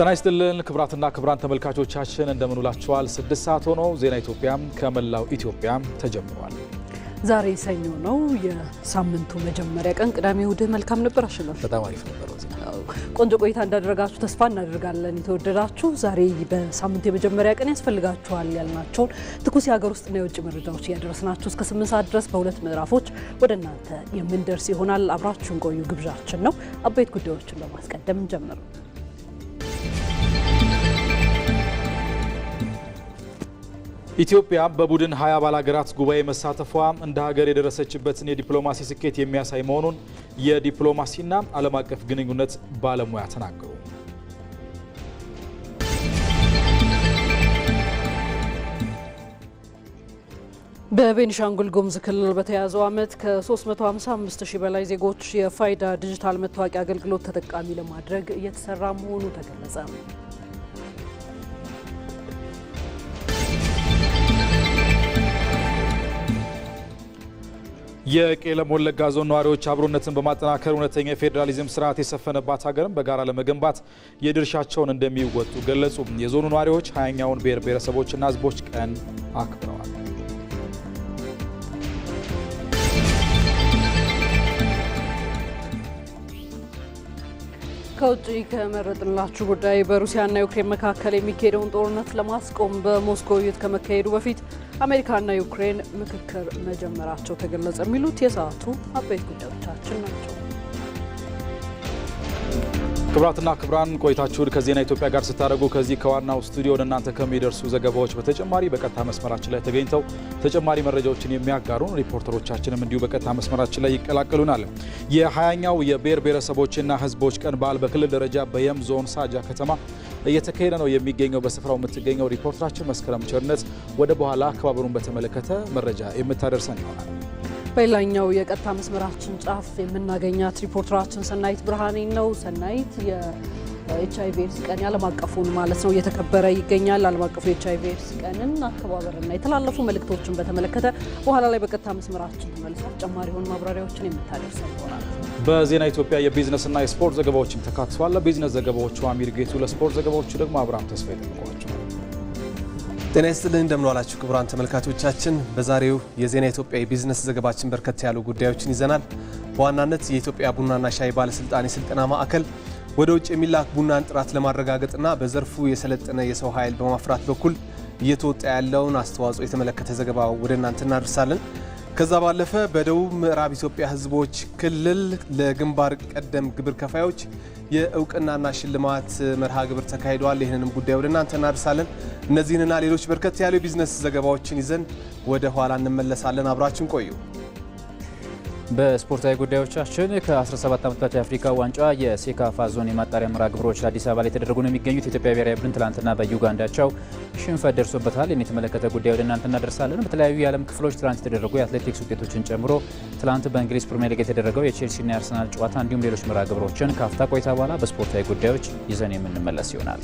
ጤና ይስጥልን ክብራትና ክብራን ተመልካቾቻችን እንደምንውላችኋል። ስድስት ሰዓት ሆኖ ዜና ኢትዮጵያም ከመላው ኢትዮጵያም ተጀምሯል። ዛሬ ሰኞ ነው፣ የሳምንቱ መጀመሪያ ቀን ቅዳሜ። እሑድህ መልካም ነበር አሸናፊ? በጣም አሪፍ ነበር። ቆንጆ ቆይታ እንዳደረጋችሁ ተስፋ እናደርጋለን። የተወደዳችሁ ዛሬ በሳምንቱ የመጀመሪያ ቀን ያስፈልጋችኋል ያልናቸውን ትኩስ የሀገር ውስጥና የውጭ መረጃዎች እያደረስናችሁ እስከ ስምንት ሰዓት ድረስ በሁለት ምዕራፎች ወደ እናንተ የምንደርስ ይሆናል። አብራችሁን ቆዩ ግብዣችን ነው። አበይት ጉዳዮችን በማስቀደም እንጀምር። ኢትዮጵያ በቡድን ሀያ አባል ሀገራት ጉባኤ መሳተፏ እንደ ሀገር የደረሰችበትን የዲፕሎማሲ ስኬት የሚያሳይ መሆኑን የዲፕሎማሲና ዓለም አቀፍ ግንኙነት ባለሙያ ተናገሩ። በቤኒሻንጉል ጉሙዝ ክልል በተያዘው ዓመት ከ355 ሺህ በላይ ዜጎች የፋይዳ ዲጂታል መታወቂያ አገልግሎት ተጠቃሚ ለማድረግ እየተሰራ መሆኑ ተገለጸ። የቄለም ወለጋ ዞን ነዋሪዎች አብሮነትን በማጠናከር እውነተኛ የፌዴራሊዝም ስርዓት የሰፈነባት ሀገርን በጋራ ለመገንባት የድርሻቸውን እንደሚወጡ ገለጹ። የዞኑ ነዋሪዎች ሀያኛውን ብሔር ብሔረሰቦችና ህዝቦች ቀን አክብረዋል። ከውጭ ከመረጥንላችሁ ጉዳይ በሩሲያና ዩክሬን መካከል የሚካሄደውን ጦርነት ለማስቆም በሞስኮ ውይይት ከመካሄዱ በፊት አሜሪካና ዩክሬን ምክክር መጀመራቸው ተገለጸ። የሚሉት የሰዓቱ አበይት ጉዳዮቻችን ናቸው። ክብራትና ክብራን ቆይታችሁን ከዜና ኢትዮጵያ ጋር ስታደርጉ ከዚህ ከዋናው ስቱዲዮ ወደ እናንተ ከሚደርሱ ዘገባዎች በተጨማሪ በቀጥታ መስመራችን ላይ ተገኝተው ተጨማሪ መረጃዎችን የሚያጋሩን ሪፖርተሮቻችንም እንዲሁ በቀጥታ መስመራችን ላይ ይቀላቀሉናል። የሀያኛው የብሔር ብሔረሰቦችና ሕዝቦች ቀን በዓል በክልል ደረጃ በየም ዞን ሳጃ ከተማ እየተካሄደ ነው የሚገኘው። በስፍራው የምትገኘው ሪፖርተራችን መስከረም ቸርነት ወደ በኋላ አከባበሩን በተመለከተ መረጃ የምታደርሰን ይሆናል። በሌላኛው የቀጥታ መስመራችን ጫፍ የምናገኛት ሪፖርተራችን ሰናይት ብርሃኔ ነው። ሰናይት የኤች አይ ቪ ኤድስ ቀን የዓለም አቀፉን ማለት ነው እየተከበረ ይገኛል። ዓለም አቀፉ የኤች አይ ቪ ኤድስ ቀንን አከባበርና የተላለፉ መልእክቶችን በተመለከተ በኋላ ላይ በቀጥታ መስመራችን ተመልሳ ተጨማሪ የሆኑ ማብራሪያዎችን የምታደርስ ይሆናል። በዜና ኢትዮጵያ የቢዝነስና የስፖርት ዘገባዎችም ተካትተዋል። ለቢዝነስ ዘገባዎቹ አሚር ጌቱ፣ ለስፖርት ዘገባዎቹ ደግሞ አብርሃም ተስፋ ይጠብቋቸዋል። ጤና ይስጥልን እንደምንዋላችሁ ክቡራን ተመልካቾቻችን። በዛሬው የዜና ኢትዮጵያ የቢዝነስ ዘገባችን በርከት ያሉ ጉዳዮችን ይዘናል። በዋናነት የኢትዮጵያ ቡናና ሻይ ባለስልጣን የስልጠና ማዕከል ወደ ውጭ የሚላክ ቡናን ጥራት ለማረጋገጥና በዘርፉ የሰለጠነ የሰው ኃይል በማፍራት በኩል እየተወጣ ያለውን አስተዋጽኦ የተመለከተ ዘገባ ወደ እናንተ እናደርሳለን። ከዛ ባለፈ በደቡብ ምዕራብ ኢትዮጵያ ህዝቦች ክልል ለግንባር ቀደም ግብር ከፋዮች የእውቅናና ሽልማት መርሃ ግብር ተካሂደዋል። ይህንንም ጉዳይ ወደ እናንተ እናደርሳለን። እነዚህንና ሌሎች በርከት ያሉ የቢዝነስ ዘገባዎችን ይዘን ወደ ኋላ እንመለሳለን። አብራችን ቆዩ። በስፖርታዊ ጉዳዮቻችን ከ17 ዓመት በታች የአፍሪካ ዋንጫ የሴካፋ ዞን የማጣሪያ መርሃ ግብሮች አዲስ አበባ ላይ የተደረጉ ነው የሚገኙት። የኢትዮጵያ ብሔራዊ ቡድን ትላንትና በዩጋንዳቸው ሽንፈት ደርሶበታል። ይህን የተመለከተ ጉዳይ ወደ እናንተ እናደርሳለን። በተለያዩ የዓለም ክፍሎች ትላንት የተደረጉ የአትሌቲክስ ውጤቶችን ጨምሮ ትላንት በእንግሊዝ ፕሪሚየር ሊግ የተደረገው የቼልሲና የአርሰናል ጨዋታ እንዲሁም ሌሎች መርሃ ግብሮችን ከአፍታ ቆይታ በኋላ በስፖርታዊ ጉዳዮች ይዘን የምንመለስ ይሆናል።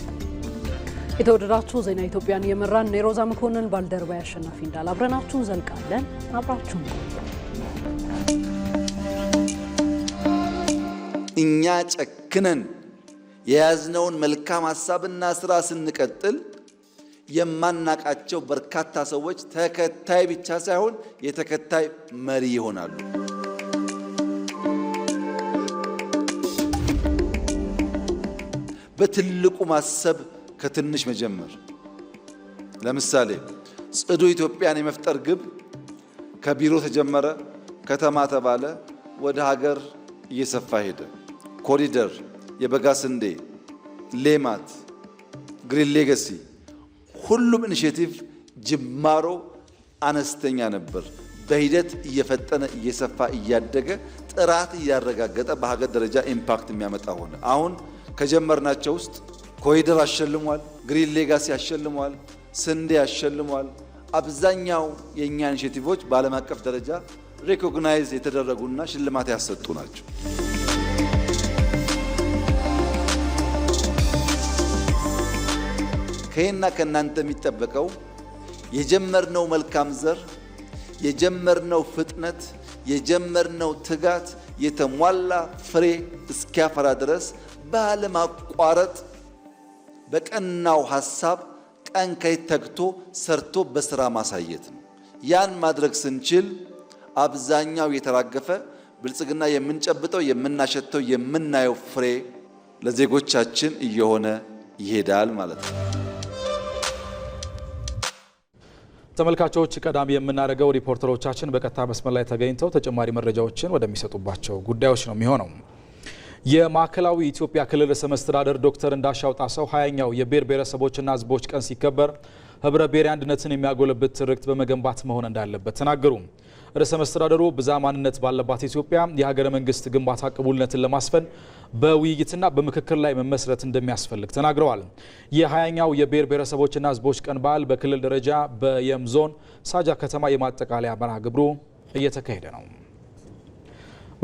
የተወደዳችሁ ዜና ኢትዮጵያን የመራን የሮዛ መኮንን ባልደረባ ያሸናፊ እንዳል አብረናችሁን ዘልቃለን። አብራችሁን እኛ ጨክነን የያዝነውን መልካም ሀሳብና ስራ ስንቀጥል የማናቃቸው በርካታ ሰዎች ተከታይ ብቻ ሳይሆን የተከታይ መሪ ይሆናሉ። በትልቁ ማሰብ ከትንሽ መጀመር። ለምሳሌ ጽዱ ኢትዮጵያን የመፍጠር ግብ ከቢሮ ተጀመረ፣ ከተማ ተባለ፣ ወደ ሀገር እየሰፋ ሄደ። ኮሪደር፣ የበጋ ስንዴ፣ ሌማት፣ ግሪን ሌጋሲ ሁሉም ኢኒሽቲቭ ጅማሮ አነስተኛ ነበር። በሂደት እየፈጠነ እየሰፋ እያደገ ጥራት እያረጋገጠ በሀገር ደረጃ ኢምፓክት የሚያመጣ ሆነ። አሁን ከጀመርናቸው ውስጥ ኮሪደር አሸልሟል፣ ግሪን ሌጋሲ አሸልሟል፣ ስንዴ አሸልሟል። አብዛኛው የእኛ ኢኒሼቲቮች በዓለም አቀፍ ደረጃ ሬኮግናይዝ የተደረጉና ሽልማት ያሰጡ ናቸው። ከእኔና ከእናንተ የሚጠበቀው የጀመርነው መልካም ዘር፣ የጀመርነው ፍጥነት፣ የጀመርነው ትጋት የተሟላ ፍሬ እስኪያፈራ ድረስ ባለማቋረጥ በቀናው ሐሳብ ቀን ከሌት ተግቶ ሰርቶ በስራ ማሳየት ነው። ያን ማድረግ ስንችል አብዛኛው የተራገፈ ብልጽግና የምንጨብጠው የምናሸተው የምናየው ፍሬ ለዜጎቻችን እየሆነ ይሄዳል ማለት ነው። ተመልካቾች ቀዳሚ የምናደርገው ሪፖርተሮቻችን በቀጥታ መስመር ላይ ተገኝተው ተጨማሪ መረጃዎችን ወደሚሰጡባቸው ጉዳዮች ነው የሚሆነው። የማዕከላዊ ኢትዮጵያ ክልል ርዕሰ መስተዳደር ዶክተር እንዳሻው ጣሰው ሀያኛው የብሔር ብሔረሰቦችና ሕዝቦች ቀን ሲከበር ህብረ ብሔራዊ አንድነትን የሚያጎለብት ትርክት በመገንባት መሆን እንዳለበት ተናገሩ። ርዕሰ መስተዳደሩ ብዛ ማንነት ባለባት ኢትዮጵያ የሀገረ መንግስት ግንባታ ቅቡልነትን ለማስፈን በውይይትና በምክክር ላይ መመስረት እንደሚያስፈልግ ተናግረዋል። የሀያኛው የብሔር ብሔረሰቦችና ህዝቦች ቀን በዓል በክልል ደረጃ በየም ዞን ሳጃ ከተማ የማጠቃለያ መርሃ ግብሩ እየተካሄደ ነው።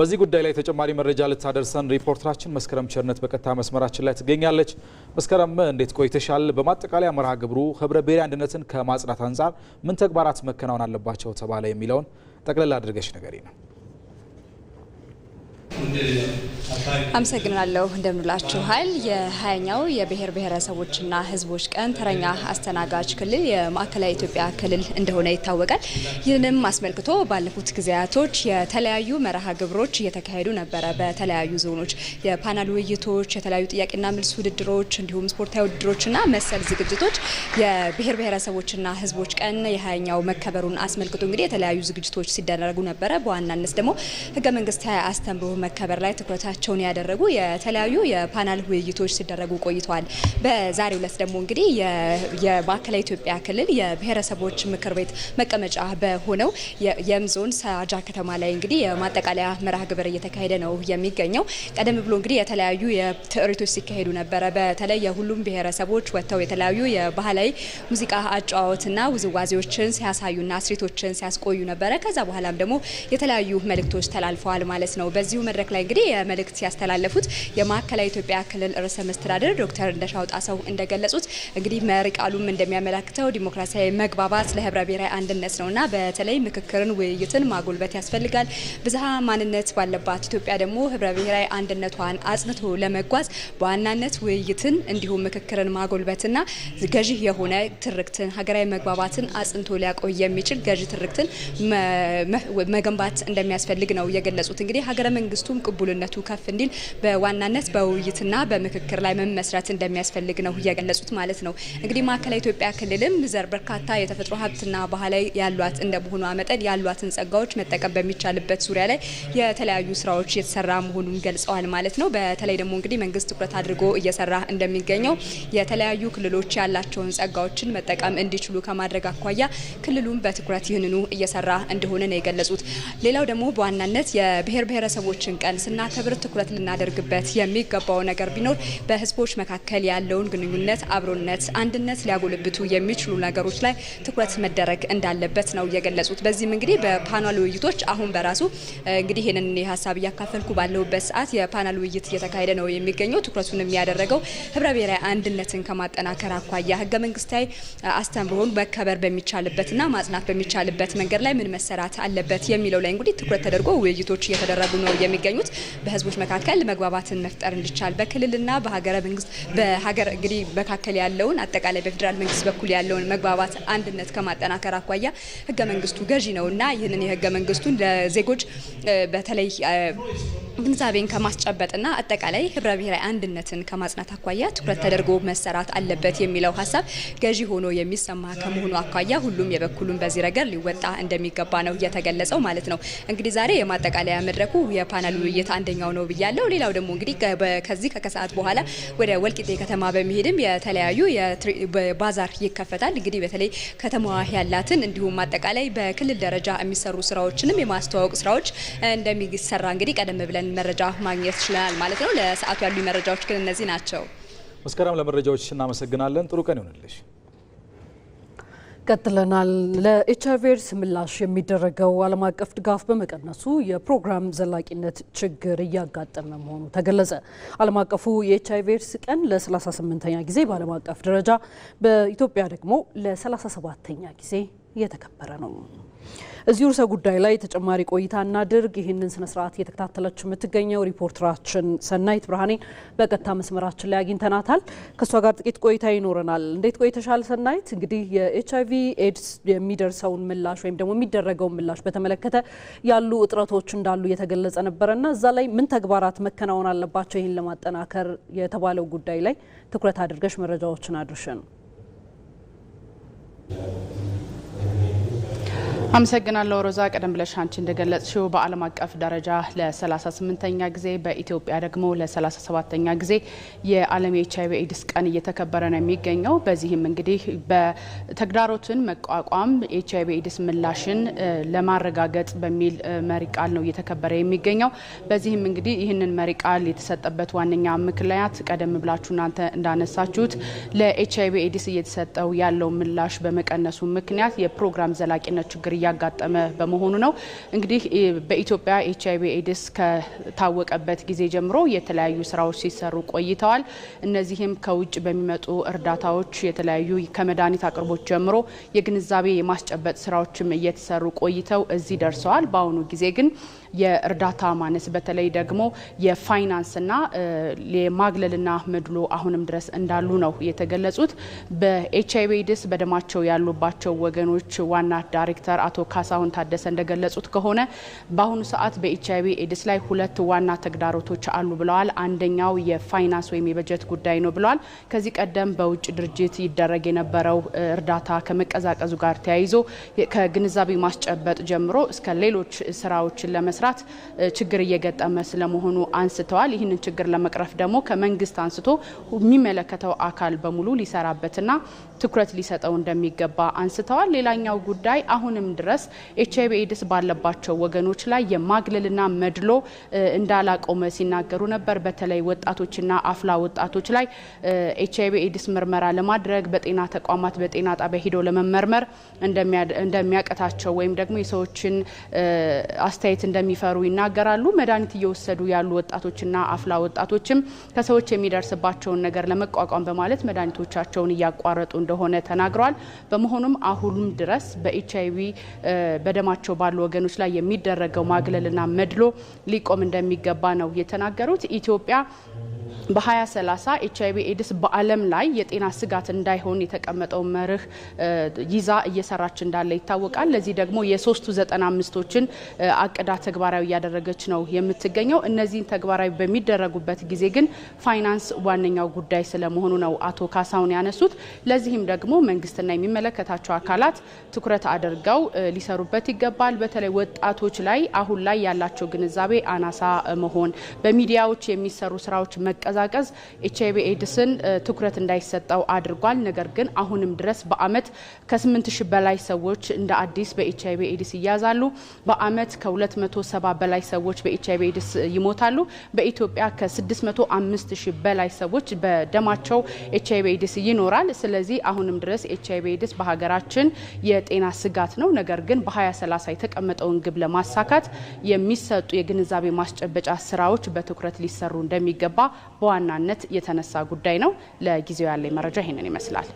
በዚህ ጉዳይ ላይ ተጨማሪ መረጃ ልታደርሰን ሪፖርተራችን መስከረም ቸርነት በቀጥታ መስመራችን ላይ ትገኛለች። መስከረም እንዴት ቆይተሻል? በማጠቃለያ መርሃ ግብሩ ህብረ ብሔራዊ አንድነትን ከማጽናት አንጻር ምን ተግባራት መከናወን አለባቸው ተባለ የሚለውን تقرر لا درجش نگرینه አመሰግናለሁ። እንደምንላችኋል። የሀያኛው የብሔር ብሔረሰቦችና ሕዝቦች ቀን ተረኛ አስተናጋጅ ክልል የማዕከላዊ ኢትዮጵያ ክልል እንደሆነ ይታወቃል። ይህንም አስመልክቶ ባለፉት ጊዜያቶች የተለያዩ መርሃ ግብሮች እየተካሄዱ ነበረ። በተለያዩ ዞኖች የፓናል ውይይቶች፣ የተለያዩ ጥያቄና መልስ ውድድሮች፣ እንዲሁም ስፖርታዊ ውድድሮችና መሰል ዝግጅቶች የብሔር ብሔረሰቦችና ሕዝቦች ቀን የሀያኛው መከበሩን አስመልክቶ እንግዲህ የተለያዩ ዝግጅቶች ሲደረጉ ነበረ። በዋናነት ደግሞ ሕገ አስተምሮ መ መከበር ላይ ትኩረታቸውን ያደረጉ የተለያዩ የፓናል ውይይቶች ሲደረጉ ቆይተዋል። በዛሬው ዕለት ደግሞ እንግዲህ የማዕከላዊ ኢትዮጵያ ክልል የብሔረሰቦች ምክር ቤት መቀመጫ በሆነው የምዞን ሳጃ ከተማ ላይ እንግዲህ የማጠቃለያ መርሃ ግብር እየተካሄደ ነው የሚገኘው። ቀደም ብሎ እንግዲህ የተለያዩ ትርኢቶች ሲካሄዱ ነበረ። በተለይ የሁሉም ብሔረሰቦች ወጥተው የተለያዩ የባህላዊ ሙዚቃ አጫዋወትና ውዝዋዜዎችን ሲያሳዩና ስሪቶችን ሲያስቆዩ ነበረ። ከዛ በኋላም ደግሞ የተለያዩ መልእክቶች ተላልፈዋል ማለት ነው። በዚሁ መድረክ ላይ እንግዲህ የመልእክት ያስተላለፉት የማዕከላዊ ኢትዮጵያ ክልል ርዕሰ መስተዳድር ዶክተር እንደሻው ጣሰው እንደገለጹት እንግዲህ መሪ ቃሉም እንደሚያመላክተው ዲሞክራሲያዊ መግባባት ለህብረ ብሔራዊ አንድነት እና በተለይ ምክክርን፣ ውይይትን ማጎልበት ያስፈልጋል። ብዝሃ ማንነት ባለባት ኢትዮጵያ ደግሞ ህብረ ብሔራዊ አንድነቷን አጽንቶ ለመጓዝ በዋናነት ውይይትን እንዲሁም ምክክርን ማጎልበትና ገዢ የሆነ ትርክትን ሀገራዊ መግባባትን አጽንቶ ሊያቆይ የሚችል ገዢ ትርክትን መገንባት እንደሚያስፈልግ ነው የገለጹት። እንግዲህ ሀገረ መንግስቱ ምክንያቱም ቅቡልነቱ ከፍ እንዲል በዋናነት በውይይትና በምክክር ላይ መመስረት እንደሚያስፈልግ ነው እየገለጹት ማለት ነው። እንግዲህ ማዕከላዊ ኢትዮጵያ ክልልም ዘር በርካታ የተፈጥሮ ሀብትና ባህላዊ ያሏት እንደመሆኗ መጠን ያሏትን ጸጋዎች መጠቀም በሚቻልበት ዙሪያ ላይ የተለያዩ ስራዎች እየተሰራ መሆኑን ገልጸዋል ማለት ነው። በተለይ ደግሞ እንግዲህ መንግስት ትኩረት አድርጎ እየሰራ እንደሚገኘው የተለያዩ ክልሎች ያላቸውን ጸጋዎችን መጠቀም እንዲችሉ ከማድረግ አኳያ ክልሉም በትኩረት ይህንኑ እየሰራ እንደሆነ ነው የገለጹት። ሌላው ደግሞ በዋናነት የብሔር ብሔረሰቦችን ቀን ስናከብር ትኩረት ልናደርግበት የሚገባው ነገር ቢኖር በህዝቦች መካከል ያለውን ግንኙነት፣ አብሮነት፣ አንድነት ሊያጎለብቱ የሚችሉ ነገሮች ላይ ትኩረት መደረግ እንዳለበት ነው የገለጹት። በዚህም እንግዲህ በፓናል ውይይቶች አሁን በራሱ እንግዲህ ይህንን ሀሳብ እያካፈልኩ ባለሁበት ሰዓት የፓናል ውይይት እየተካሄደ ነው የሚገኘው። ትኩረቱን የሚያደረገው ህብረ ብሔራዊ አንድነትን ከማጠናከር አኳያ ህገ መንግስታዊ አስተምህሮን መከበር በሚቻልበትና ማጽናት በሚቻልበት መንገድ ላይ ምን መሰራት አለበት የሚለው ላይ እንግዲህ ትኩረት ተደርጎ ውይይቶች እየተደረጉ ነው የሚገኘው። የሚገኙት። በህዝቦች መካከል መግባባትን መፍጠር እንዲቻል በክልልና በሀገረ መንግስት በሀገር እንግዲህ መካከል ያለውን አጠቃላይ በፌዴራል መንግስት በኩል ያለውን መግባባት አንድነት ከማጠናከር አኳያ ህገ መንግስቱ ገዢ ነውና ይህንን የህገ መንግስቱን ለዜጎች በተለይ ግንዛቤን ከማስጨበጥና አጠቃላይ ህብረ ብሔራዊ አንድነትን ከማጽናት አኳያ ትኩረት ተደርጎ መሰራት አለበት የሚለው ሀሳብ ገዢ ሆኖ የሚሰማ ከመሆኑ አኳያ ሁሉም የበኩሉን በዚህ ረገድ ሊወጣ እንደሚገባ ነው እየተገለጸው ማለት ነው። እንግዲህ ዛሬ የማጠቃለያ መድረኩ የፓናል ውይይት አንደኛው ነው ብያለው። ሌላው ደግሞ እንግዲህ ከዚህ ከከሰዓት በኋላ ወደ ወልቂጤ ከተማ በመሄድም የተለያዩ ባዛር ይከፈታል። እንግዲህ በተለይ ከተማዋ ያላትን እንዲሁም አጠቃላይ በክልል ደረጃ የሚሰሩ ስራዎችንም የማስተዋወቅ ስራዎች እንደሚሰራ እንግዲህ ቀደም ብለን መረጃ ማግኘት ችለናል ማለት ነው። ለሰዓቱ ያሉ መረጃዎች ግን እነዚህ ናቸው። መስከረም፣ ለመረጃዎች እናመሰግናለን። ጥሩ ቀን ይሆንልሽ። ቀጥለናል። ለኤች አይቪ ኤድስ ምላሽ የሚደረገው ዓለም አቀፍ ድጋፍ በመቀነሱ የፕሮግራም ዘላቂነት ችግር እያጋጠመ መሆኑ ተገለጸ። ዓለም አቀፉ የኤች አይቪ ኤድስ ቀን ለ38ኛ ጊዜ በዓለም አቀፍ ደረጃ በኢትዮጵያ ደግሞ ለ37ኛ ጊዜ እየተከበረ ነው። እዚሁ ርዕሰ ጉዳይ ላይ ተጨማሪ ቆይታ እናድርግ። ይህንን ስነ ስርዓት እየተከታተለች የምትገኘው ሪፖርተራችን ሰናይት ብርሃኔን በቀጥታ መስመራችን ላይ አግኝተናታል። ከእሷ ጋር ጥቂት ቆይታ ይኖረናል። እንዴት ቆይተሻል ሰናይት? እንግዲህ የኤች አይቪ ኤድስ የሚደርሰውን ምላሽ ወይም ደግሞ የሚደረገውን ምላሽ በተመለከተ ያሉ እጥረቶች እንዳሉ እየተገለጸ ነበረና እዛ ላይ ምን ተግባራት መከናወን አለባቸው ይህን ለማጠናከር የተባለው ጉዳይ ላይ ትኩረት አድርገሽ መረጃዎችን አድርሸን አመሰግናለሁ ሮዛ። ቀደም ብለሽ አንቺ እንደገለጽሽው በዓለም አቀፍ ደረጃ ለ38ኛ ጊዜ በኢትዮጵያ ደግሞ ለ37ኛ ጊዜ የዓለም የኤች አይቪ ኤድስ ቀን እየተከበረ ነው የሚገኘው። በዚህም እንግዲህ በተግዳሮትን መቋቋም ኤች አይቪ ኤድስ ምላሽን ለማረጋገጥ በሚል መሪ ቃል ነው እየተከበረ የሚገኘው። በዚህም እንግዲህ ይህንን መሪ ቃል የተሰጠበት ዋነኛ ምክንያት ቀደም ብላችሁ እናንተ እንዳነሳችሁት ለኤች አይቪ ኤድስ እየተሰጠው ያለው ምላሽ በመቀነሱ ምክንያት የፕሮግራም ዘላቂነት ችግር እያጋጠመ በመሆኑ ነው። እንግዲህ በኢትዮጵያ ኤች አይቪ ኤድስ ከታወቀበት ጊዜ ጀምሮ የተለያዩ ስራዎች ሲሰሩ ቆይተዋል። እነዚህም ከውጭ በሚመጡ እርዳታዎች የተለያዩ ከመድኃኒት አቅርቦች ጀምሮ የግንዛቤ የማስጨበጥ ስራዎችም እየተሰሩ ቆይተው እዚህ ደርሰዋል። በአሁኑ ጊዜ ግን የእርዳታ ማነስ በተለይ ደግሞ የፋይናንስና የማግለልና መድሎ አሁንም ድረስ እንዳሉ ነው የተገለጹት። በኤች አይቪ ኤድስ በደማቸው ያሉባቸው ወገኖች ዋና ዳይሬክተር አቶ ካሳሁን ታደሰ እንደገለጹት ከሆነ በአሁኑ ሰዓት በኤች አይቪ ኤድስ ላይ ሁለት ዋና ተግዳሮቶች አሉ ብለዋል። አንደኛው የፋይናንስ ወይም የበጀት ጉዳይ ነው ብለዋል። ከዚህ ቀደም በውጭ ድርጅት ይደረግ የነበረው እርዳታ ከመቀዛቀዙ ጋር ተያይዞ ከግንዛቤ ማስጨበጥ ጀምሮ እስከ ሌሎች ስራዎችን ለመስራት ችግር እየገጠመ ስለመሆኑ አንስተዋል። ይህንን ችግር ለመቅረፍ ደግሞ ከመንግስት አንስቶ የሚመለከተው አካል በሙሉ ሊሰራበትና ትኩረት ሊሰጠው እንደሚገባ አንስተዋል። ሌላኛው ጉዳይ አሁንም ድረስ ኤች አይቪ ኤድስ ባለባቸው ወገኖች ላይ የማግለልና መድሎ እንዳላቆመ ሲናገሩ ነበር። በተለይ ወጣቶችና አፍላ ወጣቶች ላይ ኤች አይቪ ኤድስ ምርመራ ለማድረግ በጤና ተቋማት በጤና ጣቢያ ሂደው ለመመርመር እንደሚያቀታቸው ወይም ደግሞ የሰዎችን አስተያየት እንደሚፈሩ ይናገራሉ። መድኃኒት እየወሰዱ ያሉ ወጣቶችና አፍላ ወጣቶችም ከሰዎች የሚደርስባቸውን ነገር ለመቋቋም በማለት መድኃኒቶቻቸውን እያቋረጡ እንደሆነ ተናግረዋል። በመሆኑም አሁንም ድረስ በኤች አይቪ በደማቸው ባሉ ወገኖች ላይ የሚደረገው ማግለልና መድሎ ሊቆም እንደሚገባ ነው የተናገሩት። ኢትዮጵያ በ2030 ኤች አይቪ ኤድስ በዓለም ላይ የጤና ስጋት እንዳይሆን የተቀመጠው መርህ ይዛ እየሰራች እንዳለ ይታወቃል። ለዚህ ደግሞ የሶስቱ ዘጠና አምስቶችን አቅዳ ተግባራዊ እያደረገች ነው የምትገኘው። እነዚህን ተግባራዊ በሚደረጉበት ጊዜ ግን ፋይናንስ ዋነኛው ጉዳይ ስለመሆኑ ነው አቶ ካሳውን ያነሱት። ለዚህም ደግሞ መንግስትና የሚመለከታቸው አካላት ትኩረት አድርገው ሊሰሩበት ይገባል። በተለይ ወጣቶች ላይ አሁን ላይ ያላቸው ግንዛቤ አናሳ መሆን፣ በሚዲያዎች የሚሰሩ ስራዎች መቀዛቀዝ ኤች አይቪ ኤድስን ትኩረት እንዳይሰጠው አድርጓል። ነገር ግን አሁንም ድረስ በአመት ከ8 ሺህ በላይ ሰዎች እንደ አዲስ በኤች አይቪ ኤድስ ይያዛሉ። በአመት ከ270 በላይ ሰዎች በኤች አይቪ ኤድስ ይሞታሉ። በኢትዮጵያ ከ605 ሺ በላይ ሰዎች በደማቸው ኤች አይቪ ኤድስ ይኖራል። ስለዚህ አሁንም ድረስ ኤች አይቪ ኤድስ በሀገራችን የጤና ስጋት ነው። ነገር ግን በ2030 የተቀመጠውን ግብ ለማሳካት የሚሰጡ የግንዛቤ ማስጨበጫ ስራዎች በትኩረት ሊሰሩ እንደሚገባ በዋናነት የተነሳ ጉዳይ ነው። ለጊዜው ያለኝ መረጃ ይህንን ይመስላል።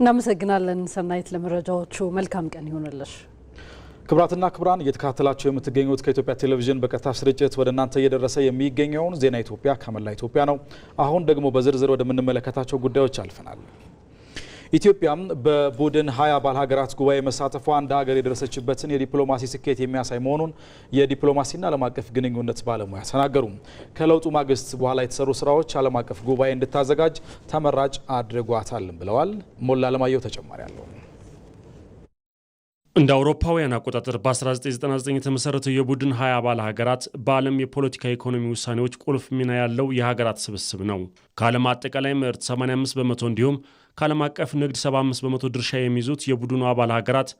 እናመሰግናለን ሰናይት ለመረጃዎቹ። መልካም ቀን ይሆንልሽ። ክብራትና ክብራን እየተከታተላቸው የምትገኙት ከኢትዮጵያ ቴሌቪዥን በቀጥታ ስርጭት ወደ እናንተ እየደረሰ የሚገኘውን ዜና ኢትዮጵያ ከመላ ኢትዮጵያ ነው። አሁን ደግሞ በዝርዝር ወደምንመለከታቸው ጉዳዮች አልፈናል። ኢትዮጵያም በቡድን ሀያ አባል ሀገራት ጉባኤ መሳተፏ አንድ ሀገር የደረሰችበትን የዲፕሎማሲ ስኬት የሚያሳይ መሆኑን የዲፕሎማሲና ዓለም አቀፍ ግንኙነት ባለሙያ ተናገሩ። ከለውጡ ማግስት በኋላ የተሰሩ ስራዎች ዓለም አቀፍ ጉባኤ እንድታዘጋጅ ተመራጭ አድርጓታልም ብለዋል። ሞላ አለማየሁ ተጨማሪ አለው። እንደ አውሮፓውያን አቆጣጠር በ1999 የተመሰረተው የቡድን ሀያ አባል ሀገራት በዓለም የፖለቲካ ኢኮኖሚ ውሳኔዎች ቁልፍ ሚና ያለው የሀገራት ስብስብ ነው። ከዓለም አጠቃላይ ምርት 85 በመቶ እንዲሁም ከዓለም አቀፍ ንግድ 75 በመቶ ድርሻ የሚይዙት የቡድኑ አባል ሀገራት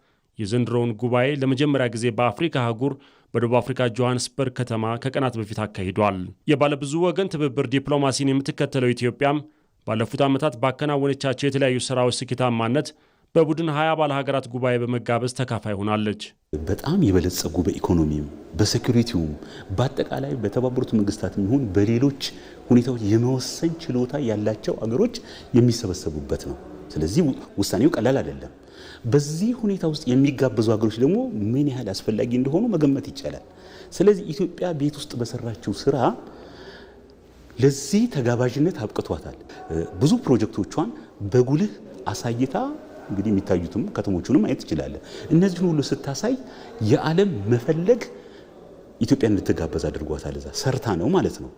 የዘንድሮውን ጉባኤ ለመጀመሪያ ጊዜ በአፍሪካ አህጉር በደቡብ አፍሪካ ጆሃንስበርግ ከተማ ከቀናት በፊት አካሂዷል። የባለብዙ ወገን ትብብር ዲፕሎማሲን የምትከተለው ኢትዮጵያም ባለፉት ዓመታት ባከናወነቻቸው የተለያዩ ሥራዎች ስኬታማነት በቡድን ሀያ ባለ ሀገራት ጉባኤ በመጋበዝ ተካፋይ ሆናለች። በጣም የበለጸጉ በኢኮኖሚም በሴኩሪቲውም በአጠቃላይ በተባበሩት መንግስታት የሚሆን በሌሎች ሁኔታዎች የመወሰን ችሎታ ያላቸው አገሮች የሚሰበሰቡበት ነው። ስለዚህ ውሳኔው ቀላል አይደለም። በዚህ ሁኔታ ውስጥ የሚጋበዙ ሀገሮች ደግሞ ምን ያህል አስፈላጊ እንደሆኑ መገመት ይቻላል። ስለዚህ ኢትዮጵያ ቤት ውስጥ በሰራችው ስራ ለዚህ ተጋባዥነት አብቅቷታል። ብዙ ፕሮጀክቶቿን በጉልህ አሳይታ እንግዲህ የሚታዩትም ከተሞቹንም ማየት ትችላለን። እነዚህን ሁሉ ስታሳይ የዓለም መፈለግ ኢትዮጵያ እንድትጋበዝ አድርጓታል። እዛ ሰርታ ነው ማለት ነው።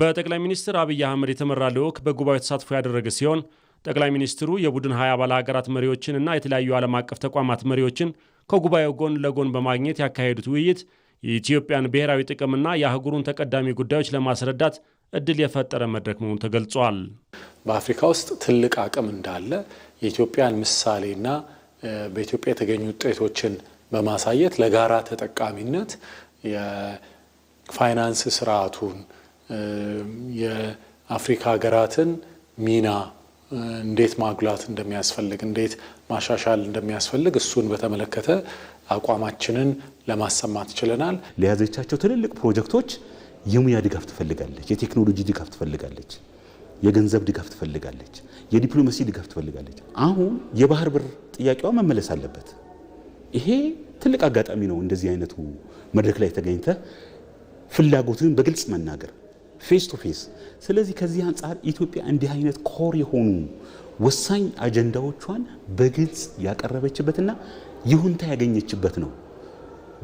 በጠቅላይ ሚኒስትር አብይ አህመድ የተመራ ልዑክ በጉባኤው ተሳትፎ ያደረገ ሲሆን ጠቅላይ ሚኒስትሩ የቡድን ሀያ አባል ሀገራት መሪዎችን እና የተለያዩ ዓለም አቀፍ ተቋማት መሪዎችን ከጉባኤው ጎን ለጎን በማግኘት ያካሄዱት ውይይት የኢትዮጵያን ብሔራዊ ጥቅምና የአህጉሩን ተቀዳሚ ጉዳዮች ለማስረዳት እድል የፈጠረ መድረክ መሆኑ ተገልጿል። በአፍሪካ ውስጥ ትልቅ አቅም እንዳለ የኢትዮጵያን ምሳሌና በኢትዮጵያ የተገኙ ውጤቶችን በማሳየት ለጋራ ተጠቃሚነት የፋይናንስ ስርዓቱን የአፍሪካ ሀገራትን ሚና እንዴት ማጉላት እንደሚያስፈልግ እንዴት ማሻሻል እንደሚያስፈልግ እሱን በተመለከተ አቋማችንን ለማሰማት ችለናል። ለያዘቻቸው ትልልቅ ፕሮጀክቶች የሙያ ድጋፍ ትፈልጋለች፣ የቴክኖሎጂ ድጋፍ ትፈልጋለች፣ የገንዘብ ድጋፍ ትፈልጋለች፣ የዲፕሎማሲ ድጋፍ ትፈልጋለች። አሁን የባህር በር ጥያቄዋ መመለስ አለበት። ይሄ ትልቅ አጋጣሚ ነው። እንደዚህ አይነቱ መድረክ ላይ ተገኝተ ፍላጎትን በግልጽ መናገር ፌስ ቱ ፌስ። ስለዚህ ከዚህ አንጻር ኢትዮጵያ እንዲህ አይነት ኮር የሆኑ ወሳኝ አጀንዳዎቿን በግልጽ ያቀረበችበትና ይሁንታ ያገኘችበት ነው።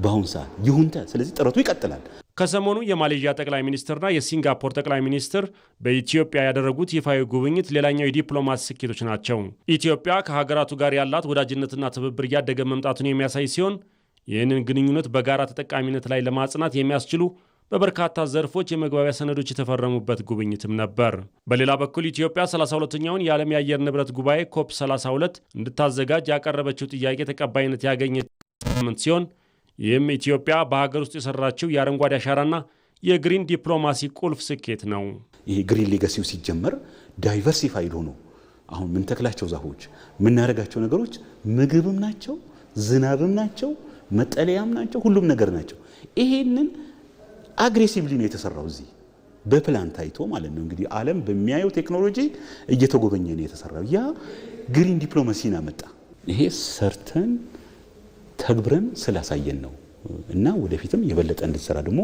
በአሁን ሰዓት ይሁንታ። ስለዚህ ጥረቱ ይቀጥላል። ከሰሞኑ የማሌዥያ ጠቅላይ ሚኒስትርና የሲንጋፖር ጠቅላይ ሚኒስትር በኢትዮጵያ ያደረጉት ይፋዊ ጉብኝት ሌላኛው የዲፕሎማት ስኬቶች ናቸው። ኢትዮጵያ ከሀገራቱ ጋር ያላት ወዳጅነትና ትብብር እያደገ መምጣቱን የሚያሳይ ሲሆን ይህንን ግንኙነት በጋራ ተጠቃሚነት ላይ ለማጽናት የሚያስችሉ በበርካታ ዘርፎች የመግባቢያ ሰነዶች የተፈረሙበት ጉብኝትም ነበር። በሌላ በኩል ኢትዮጵያ 32ኛውን የዓለም የአየር ንብረት ጉባኤ ኮፕ 32 እንድታዘጋጅ ያቀረበችው ጥያቄ ተቀባይነት ያገኘ ሲሆን ይህም ኢትዮጵያ በሀገር ውስጥ የሰራችው የአረንጓዴ አሻራና የግሪን ዲፕሎማሲ ቁልፍ ስኬት ነው። ይህ ግሪን ሌጋሲው ሲጀመር ዳይቨርሲፋይድ ሆኖ አሁን ምንተክላቸው ዛፎች የምናደርጋቸው ነገሮች ምግብም ናቸው፣ ዝናብም ናቸው፣ መጠለያም ናቸው፣ ሁሉም ነገር ናቸው። ይሄንን አግሬሲቭሊ ነው የተሰራው እዚህ በፕላን ታይቶ ማለት ነው። እንግዲህ ዓለም በሚያየው ቴክኖሎጂ እየተጎበኘ ነው የተሰራው። ያ ግሪን ዲፕሎማሲን አመጣ። ይሄ ሰርተን ተግብረን ስላሳየን ነው እና ወደፊትም የበለጠ እንድትሰራ ደግሞ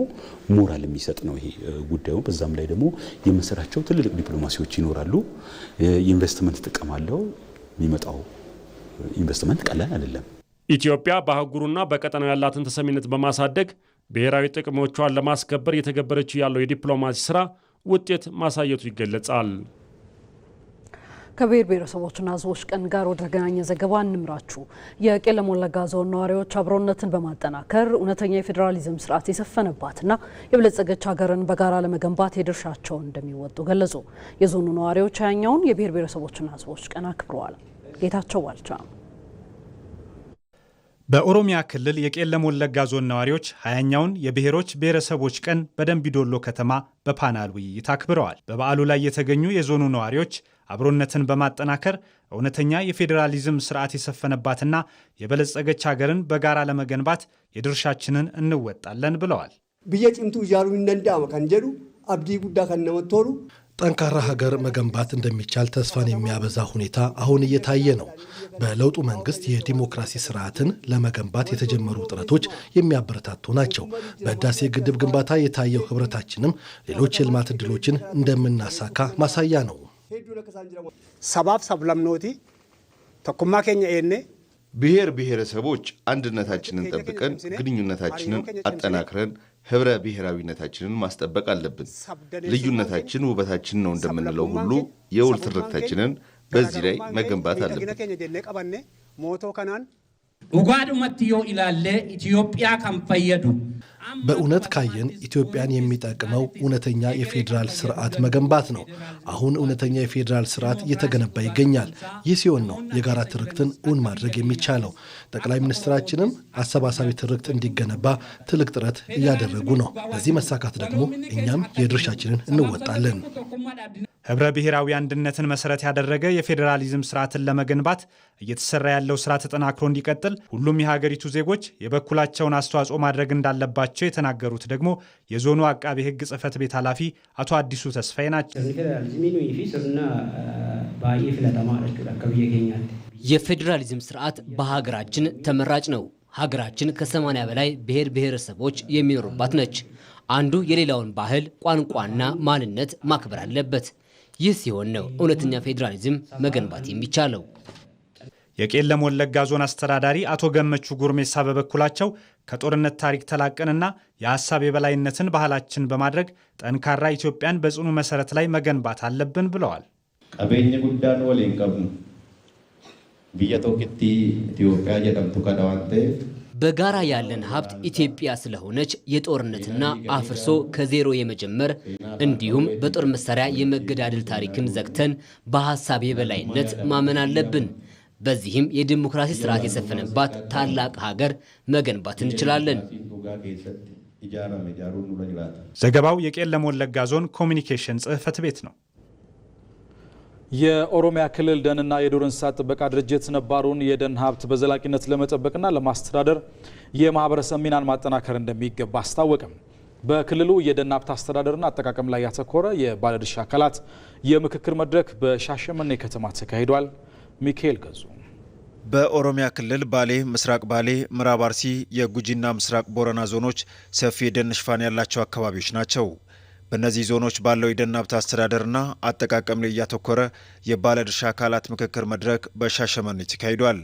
ሞራል የሚሰጥ ነው ይሄ ጉዳዩ። በዛም ላይ ደግሞ የምንሰራቸው ትልልቅ ዲፕሎማሲዎች ይኖራሉ። የኢንቨስትመንት ጥቅም አለው። የሚመጣው ኢንቨስትመንት ቀላል አይደለም። ኢትዮጵያ በአህጉሩና በቀጠናው ያላትን ተሰሚነት በማሳደግ ብሔራዊ ጥቅሞቿን ለማስከበር እየተገበረችው ያለው የዲፕሎማሲ ስራ ውጤት ማሳየቱ ይገለጻል። ከብሔር ብሔረሰቦችና ሕዝቦች ቀን ጋር ወደ ተገናኘ ዘገባ እንምራችሁ። የቄለም ወለጋ ዞን ነዋሪዎች አብሮነትን በማጠናከር እውነተኛ የፌዴራሊዝም ስርዓት የሰፈነባትና የበለጸገች ሀገርን በጋራ ለመገንባት የድርሻቸውን እንደሚወጡ ገለጹ። የዞኑ ነዋሪዎች ያኛውን የብሔር ብሔረሰቦችና ሕዝቦች ቀን አክብረዋል። ጌታቸው ባልቻ በኦሮሚያ ክልል የቄለም ወለጋ ዞን ነዋሪዎች ሀያኛውን የብሔሮች ብሔረሰቦች ቀን በደንቢዶሎ ከተማ በፓናል ውይይት አክብረዋል። በበዓሉ ላይ የተገኙ የዞኑ ነዋሪዎች አብሮነትን በማጠናከር እውነተኛ የፌዴራሊዝም ስርዓት የሰፈነባትና የበለጸገች ሀገርን በጋራ ለመገንባት የድርሻችንን እንወጣለን ብለዋል። ብየ ጭምቱ እያሉ እንደንዳመ ከንጀዱ አብዲ ጉዳ ከነመቶሩ ጠንካራ ሀገር መገንባት እንደሚቻል ተስፋን የሚያበዛ ሁኔታ አሁን እየታየ ነው። በለውጡ መንግስት የዲሞክራሲ ስርዓትን ለመገንባት የተጀመሩ ጥረቶች የሚያበረታቱ ናቸው። በህዳሴ ግድብ ግንባታ የታየው ህብረታችንም ሌሎች የልማት እድሎችን እንደምናሳካ ማሳያ ነው። ሰባፍ ሰብለምኖቲ ተኩማ ኬኛ ኤኔ ብሔር ብሔረሰቦች አንድነታችንን ጠብቀን ግንኙነታችንን አጠናክረን ህብረ ብሔራዊነታችንን ማስጠበቅ አለብን። ልዩነታችን ውበታችን ነው እንደምንለው ሁሉ የውል ትርክታችንን በዚህ ላይ መገንባት አለብን። በእውነት ካየን ኢትዮጵያን የሚጠቅመው እውነተኛ የፌዴራል ስርዓት መገንባት ነው። አሁን እውነተኛ የፌዴራል ስርዓት እየተገነባ ይገኛል። ይህ ሲሆን ነው የጋራ ትርክትን እውን ማድረግ የሚቻለው። ጠቅላይ ሚኒስትራችንም አሰባሳቢ ትርክት እንዲገነባ ትልቅ ጥረት እያደረጉ ነው። ለዚህ መሳካት ደግሞ እኛም የድርሻችንን እንወጣለን። ህብረ ብሔራዊ አንድነትን መሰረት ያደረገ የፌዴራሊዝም ስርዓትን ለመገንባት እየተሰራ ያለው ስራ ተጠናክሮ እንዲቀጥል ሁሉም የሀገሪቱ ዜጎች የበኩላቸውን አስተዋጽኦ ማድረግ እንዳለባቸው የተናገሩት ደግሞ የዞኑ አቃቤ ሕግ ጽህፈት ቤት ኃላፊ አቶ አዲሱ ተስፋዬ ናቸው። የፌዴራሊዝም ስርዓት በሀገራችን ተመራጭ ነው። ሀገራችን ከሰማንያ በላይ ብሔር ብሔረሰቦች የሚኖሩባት ነች። አንዱ የሌላውን ባህል ቋንቋና ማንነት ማክበር አለበት። ይህ ሲሆን ነው እውነተኛ ፌዴራሊዝም መገንባት የሚቻለው። የቄለም ወለጋ ዞን አስተዳዳሪ አቶ ገመቹ ጉርሜሳ በበኩላቸው ከጦርነት ታሪክ ተላቀንና የሀሳብ የበላይነትን ባህላችን በማድረግ ጠንካራ ኢትዮጵያን በጽኑ መሰረት ላይ መገንባት አለብን ብለዋል። ቀቤኝ ጉዳን ወሌን ብየቶክቲ ኢትዮጵያ ጀደምቱ ከዳዋንቴ በጋራ ያለን ሀብት ኢትዮጵያ ስለሆነች የጦርነትና አፍርሶ ከዜሮ የመጀመር እንዲሁም በጦር መሳሪያ የመገዳደል ታሪክን ዘግተን በሀሳብ የበላይነት ማመን አለብን። በዚህም የዲሞክራሲ ስርዓት የሰፈነባት ታላቅ ሀገር መገንባት እንችላለን። ዘገባው የቄለም ወለጋ ዞን ኮሚኒኬሽን ጽህፈት ቤት ነው። የኦሮሚያ ክልል ደንና የዱር እንስሳት ጥበቃ ድርጅት ነባሩን የደን ሀብት በዘላቂነት ለመጠበቅና ለማስተዳደር የማህበረሰብ ሚናን ማጠናከር እንደሚገባ አስታወቅም። በክልሉ የደን ሀብት አስተዳደርና አጠቃቀም ላይ ያተኮረ የባለድርሻ አካላት የምክክር መድረክ በሻሸመኔ ከተማ ተካሂዷል። ሚካኤል ገዙ በኦሮሚያ ክልል ባሌ፣ ምስራቅ ባሌ፣ ምዕራብ አርሲ፣ የጉጂና ምስራቅ ቦረና ዞኖች ሰፊ የደን ሽፋን ያላቸው አካባቢዎች ናቸው። በእነዚህ ዞኖች ባለው የደን ሀብት አስተዳደርና አጠቃቀም ላይ እያተኮረ የባለድርሻ አካላት ምክክር መድረክ በሻሸመኔ ተካሂዷል።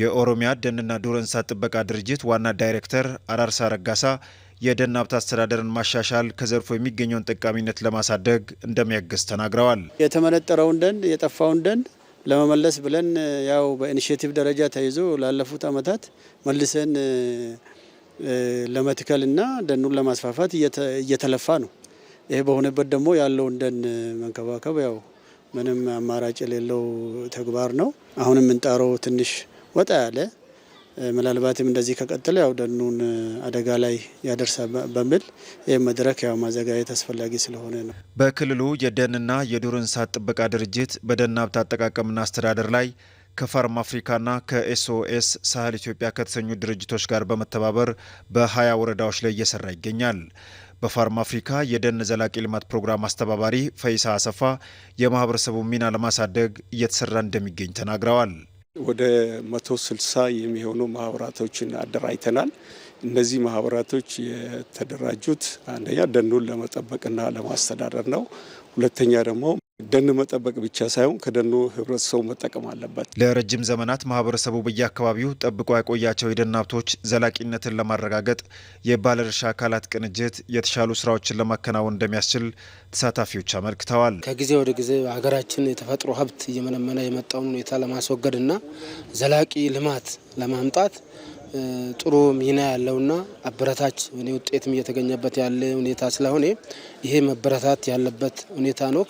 የኦሮሚያ ደንና ዱር እንስሳት ጥበቃ ድርጅት ዋና ዳይሬክተር አራርሳ ረጋሳ የደን ሀብት አስተዳደርን ማሻሻል ከዘርፎ የሚገኘውን ጠቃሚነት ለማሳደግ እንደሚያግዝ ተናግረዋል። የተመነጠረውን ደን የጠፋውን ደን ለመመለስ ብለን ያው በኢኒሽቲቭ ደረጃ ተይዞ ላለፉት ዓመታት መልሰን ለመትከልና ደኑን ለማስፋፋት እየተለፋ ነው። ይሄ በሆነበት ደግሞ ያለው እንደን መንከባከብ ያው ምንም አማራጭ የሌለው ተግባር ነው። አሁን የምንጣረው ትንሽ ወጣ ያለ ምናልባትም እንደዚህ ከቀጠለ ያው ደኑን አደጋ ላይ ያደርሳል በሚል ይህ መድረክ ያው ማዘጋጀት አስፈላጊ ስለሆነ ነው። በክልሉ የደንና የዱር እንስሳት ጥበቃ ድርጅት በደን ሀብት አጠቃቀምና አስተዳደር ላይ ከፋርም አፍሪካና ከኤስኦኤስ ሳህል ኢትዮጵያ ከተሰኙ ድርጅቶች ጋር በመተባበር በሀያ ወረዳዎች ላይ እየሰራ ይገኛል። በፋርም አፍሪካ የደን ዘላቂ ልማት ፕሮግራም አስተባባሪ ፈይሳ አሰፋ የማህበረሰቡ ሚና ለማሳደግ እየተሰራ እንደሚገኝ ተናግረዋል። ወደ 160 የሚሆኑ ማህበራቶችን አደራጅተናል። እነዚህ ማህበራቶች የተደራጁት አንደኛ ደኑን ለመጠበቅና ለማስተዳደር ነው። ሁለተኛ ደግሞ ደን መጠበቅ ብቻ ሳይሆን ከደኑ ህብረተሰቡ መጠቀም አለበት። ለረጅም ዘመናት ማህበረሰቡ በየአካባቢው ጠብቆ ያቆያቸው የደን ሀብቶች ዘላቂነትን ለማረጋገጥ የባለድርሻ አካላት ቅንጅት የተሻሉ ስራዎችን ለማከናወን እንደሚያስችል ተሳታፊዎች አመልክተዋል። ከጊዜ ወደ ጊዜ ሀገራችን የተፈጥሮ ሀብት እየመነመነ የመጣውን ሁኔታ ለማስወገድና ዘላቂ ልማት ለማምጣት ጥሩ ሚና ያለውና አበረታች ውጤትም እየተገኘበት ያለ ሁኔታ ስለሆነ ይሄ መበረታት ያለበት ሁኔታ ነው።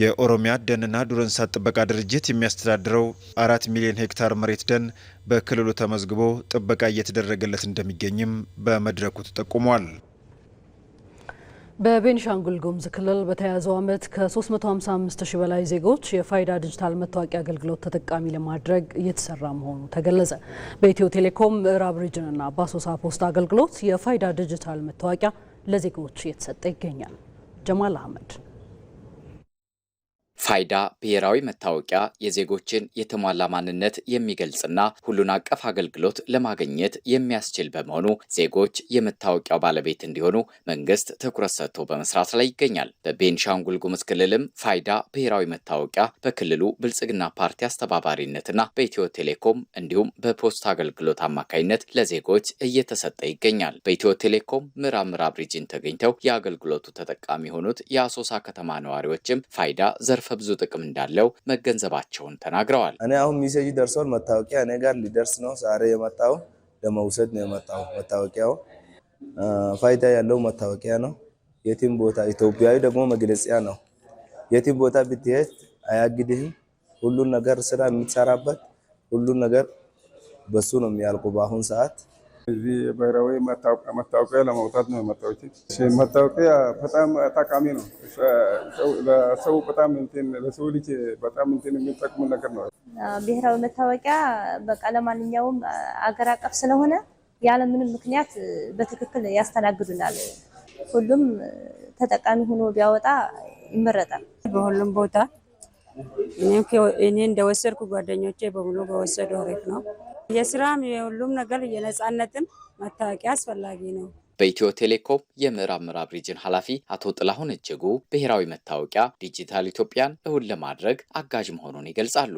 የኦሮሚያ ደንና ዱር እንስሳት ጥበቃ ድርጅት የሚያስተዳድረው አራት ሚሊዮን ሄክታር መሬት ደን በክልሉ ተመዝግቦ ጥበቃ እየተደረገለት እንደሚገኝም በመድረኩ ተጠቁሟል። በቤንሻንጉል ጉሙዝ ክልል በተያዘው ዓመት ከ355 ሺህ በላይ ዜጎች የፋይዳ ዲጂታል መታወቂያ አገልግሎት ተጠቃሚ ለማድረግ እየተሰራ መሆኑ ተገለጸ። በኢትዮ ቴሌኮም ምዕራብ ሪጅንና በአሶሳ ፖስት አገልግሎት የፋይዳ ዲጂታል መታወቂያ ለዜጎች እየተሰጠ ይገኛል። ጀማል አህመድ ፋይዳ ብሔራዊ መታወቂያ የዜጎችን የተሟላ ማንነት የሚገልጽና ሁሉን አቀፍ አገልግሎት ለማግኘት የሚያስችል በመሆኑ ዜጎች የመታወቂያው ባለቤት እንዲሆኑ መንግስት ትኩረት ሰጥቶ በመስራት ላይ ይገኛል። በቤንሻንጉል ጉሙዝ ክልልም ፋይዳ ብሔራዊ መታወቂያ በክልሉ ብልጽግና ፓርቲ አስተባባሪነትና በኢትዮ ቴሌኮም እንዲሁም በፖስታ አገልግሎት አማካኝነት ለዜጎች እየተሰጠ ይገኛል። በኢትዮ ቴሌኮም ምዕራብ ምዕራብ ሪጅን ተገኝተው የአገልግሎቱ ተጠቃሚ የሆኑት የአሶሳ ከተማ ነዋሪዎችም ፋይዳ ዘርፈ ብዙ ጥቅም እንዳለው መገንዘባቸውን ተናግረዋል። እኔ አሁን ሚሴጅ ደርሷል። መታወቂያ እኔ ጋር ሊደርስ ነው። ዛሬ የመጣው ለመውሰድ ነው የመጣው። መታወቂያው ፋይዳ ያለው መታወቂያ ነው። የትም ቦታ ኢትዮጵያዊ ደግሞ መግለጫ ነው። የትም ቦታ ብትሄድ አያግድህም። ሁሉን ነገር ስራ የምትሰራበት ሁሉን ነገር በሱ ነው የሚያልቁ በአሁን ሰዓት እዚህ ብሔራዊ መታወቂያ ለማውጣት ነው የመጣሁት። መታወቂያ በጣም ጠቃሚ ነው። ለሰው በጣም ለሰው ልጅ በጣም እንትን የሚጠቅሙ ነገር ነው። ብሔራዊ መታወቂያ በቃ ለማንኛውም አገር አቀፍ ስለሆነ ያለምንም ምክንያት በትክክል ያስተናግዱናል። ሁሉም ተጠቃሚ ሆኖ ቢያወጣ ይመረጣል። በሁሉም ቦታ እኔ እንደወሰድኩ ጓደኞቼ በሙሉ በወሰዱ አሪፍ ነው። የስራም የሁሉም ነገር የነጻነትም መታወቂያ አስፈላጊ ነው። በኢትዮ ቴሌኮም የምዕራብ ምዕራብ ሪጅን ኃላፊ አቶ ጥላሁን እጅጉ ብሔራዊ መታወቂያ ዲጂታል ኢትዮጵያን እውን ለማድረግ አጋዥ መሆኑን ይገልጻሉ።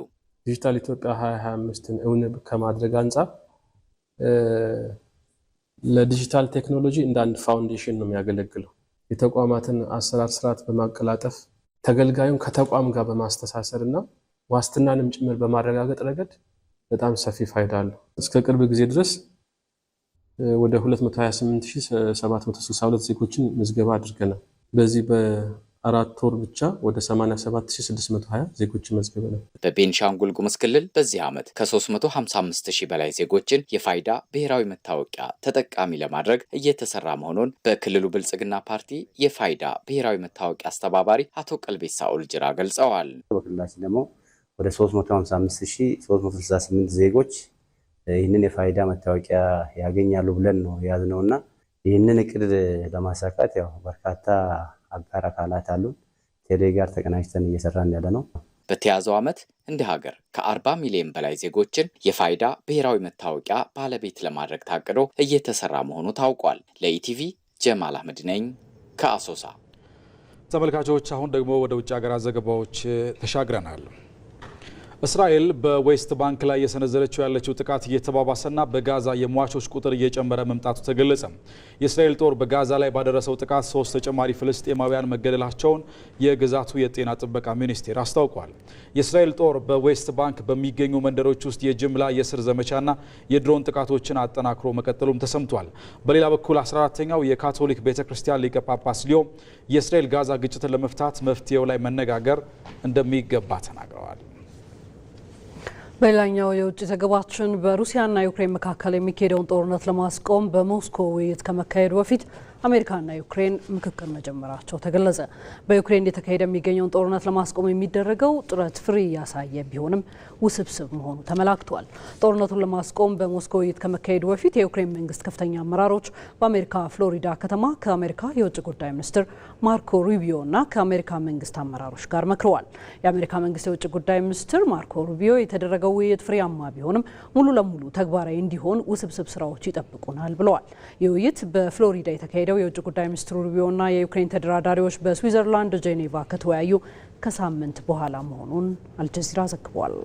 ዲጂታል ኢትዮጵያ 2025ን እውን ከማድረግ አንጻር ለዲጂታል ቴክኖሎጂ እንደ አንድ ፋውንዴሽን ነው የሚያገለግለው የተቋማትን አሰራር ስርዓት በማቀላጠፍ ተገልጋዩን ከተቋም ጋር በማስተሳሰር እና ዋስትናንም ጭምር በማረጋገጥ ረገድ በጣም ሰፊ ፋይዳ አለው። እስከ ቅርብ ጊዜ ድረስ ወደ 228762 ዜጎችን ምዝገባ አድርገናል። በዚህ አራት ወር ብቻ ወደ 87620 ዜጎችን ነው። በቤንሻንጉል ጉሙዝ ክልል በዚህ ዓመት ከ 355000 ሺህ በላይ ዜጎችን የፋይዳ ብሔራዊ መታወቂያ ተጠቃሚ ለማድረግ እየተሰራ መሆኑን በክልሉ ብልጽግና ፓርቲ የፋይዳ ብሔራዊ መታወቂያ አስተባባሪ አቶ ቀልቤሳ ጅራ ገልጸዋል። በክልላችን ደግሞ ወደ 355368 ዜጎች ይህንን የፋይዳ መታወቂያ ያገኛሉ ብለን ነው ነውእና ይህንን እቅድ ለማሳካት ያው በርካታ አጋር አካላት አሉን። ቴሌ ጋር ተቀናጅተን እየሰራን ያለ ነው። በተያዘው ዓመት እንደ ሀገር ከ40 ሚሊዮን በላይ ዜጎችን የፋይዳ ብሔራዊ መታወቂያ ባለቤት ለማድረግ ታቅዶ እየተሰራ መሆኑ ታውቋል። ለኢቲቪ ጀማል አህመድ ነኝ ከአሶሳ። ተመልካቾች አሁን ደግሞ ወደ ውጭ ሀገራት ዘገባዎች ተሻግረናል። እስራኤል በዌስት ባንክ ላይ የሰነዘረችው ያለችው ጥቃት እየተባባሰና በጋዛ የሟቾች ቁጥር እየጨመረ መምጣቱ ተገለጸ። የእስራኤል ጦር በጋዛ ላይ ባደረሰው ጥቃት ሶስት ተጨማሪ ፍልስጤማውያን መገደላቸውን የግዛቱ የጤና ጥበቃ ሚኒስቴር አስታውቋል። የእስራኤል ጦር በዌስት ባንክ በሚገኙ መንደሮች ውስጥ የጅምላ የስር ዘመቻና የድሮን ጥቃቶችን አጠናክሮ መቀጠሉም ተሰምቷል። በሌላ በኩል 14ተኛው የካቶሊክ ቤተ ክርስቲያን ሊቀ ጳጳስ ሊዮ የእስራኤል ጋዛ ግጭትን ለመፍታት መፍትሄው ላይ መነጋገር እንደሚገባ ተናግረዋል። በሌላኛው የውጭ ዘገባችን በሩሲያና ዩክሬን መካከል የሚካሄደውን ጦርነት ለማስቆም በሞስኮ ውይይት ከመካሄዱ በፊት አሜሪካና ዩክሬን ምክክር መጀመራቸው ተገለጸ። በዩክሬን የተካሄደ የሚገኘውን ጦርነት ለማስቆም የሚደረገው ጥረት ፍሬ እያሳየ ቢሆንም ውስብስብ መሆኑ ተመላክቷል። ጦርነቱን ለማስቆም በሞስኮ ውይይት ከመካሄዱ በፊት የዩክሬን መንግስት ከፍተኛ አመራሮች በአሜሪካ ፍሎሪዳ ከተማ ከአሜሪካ የውጭ ጉዳይ ሚኒስትር ማርኮ ሩቢዮ እና ከአሜሪካ መንግስት አመራሮች ጋር መክረዋል። የአሜሪካ መንግስት የውጭ ጉዳይ ሚኒስትር ማርኮ ሩቢዮ የተደረገው ውይይት ፍሬያማ ቢሆንም ሙሉ ለሙሉ ተግባራዊ እንዲሆን ውስብስብ ስራዎች ይጠብቁናል ብለዋል። ይህ ውይይት በፍሎሪዳ የተካሄደ የተካሄደው የውጭ ጉዳይ ሚኒስትሩ ሩቢዮና የዩክሬን ተደራዳሪዎች በስዊዘርላንድ ጄኔቫ ከተወያዩ ከሳምንት በኋላ መሆኑን አልጀዚራ ዘግቧል።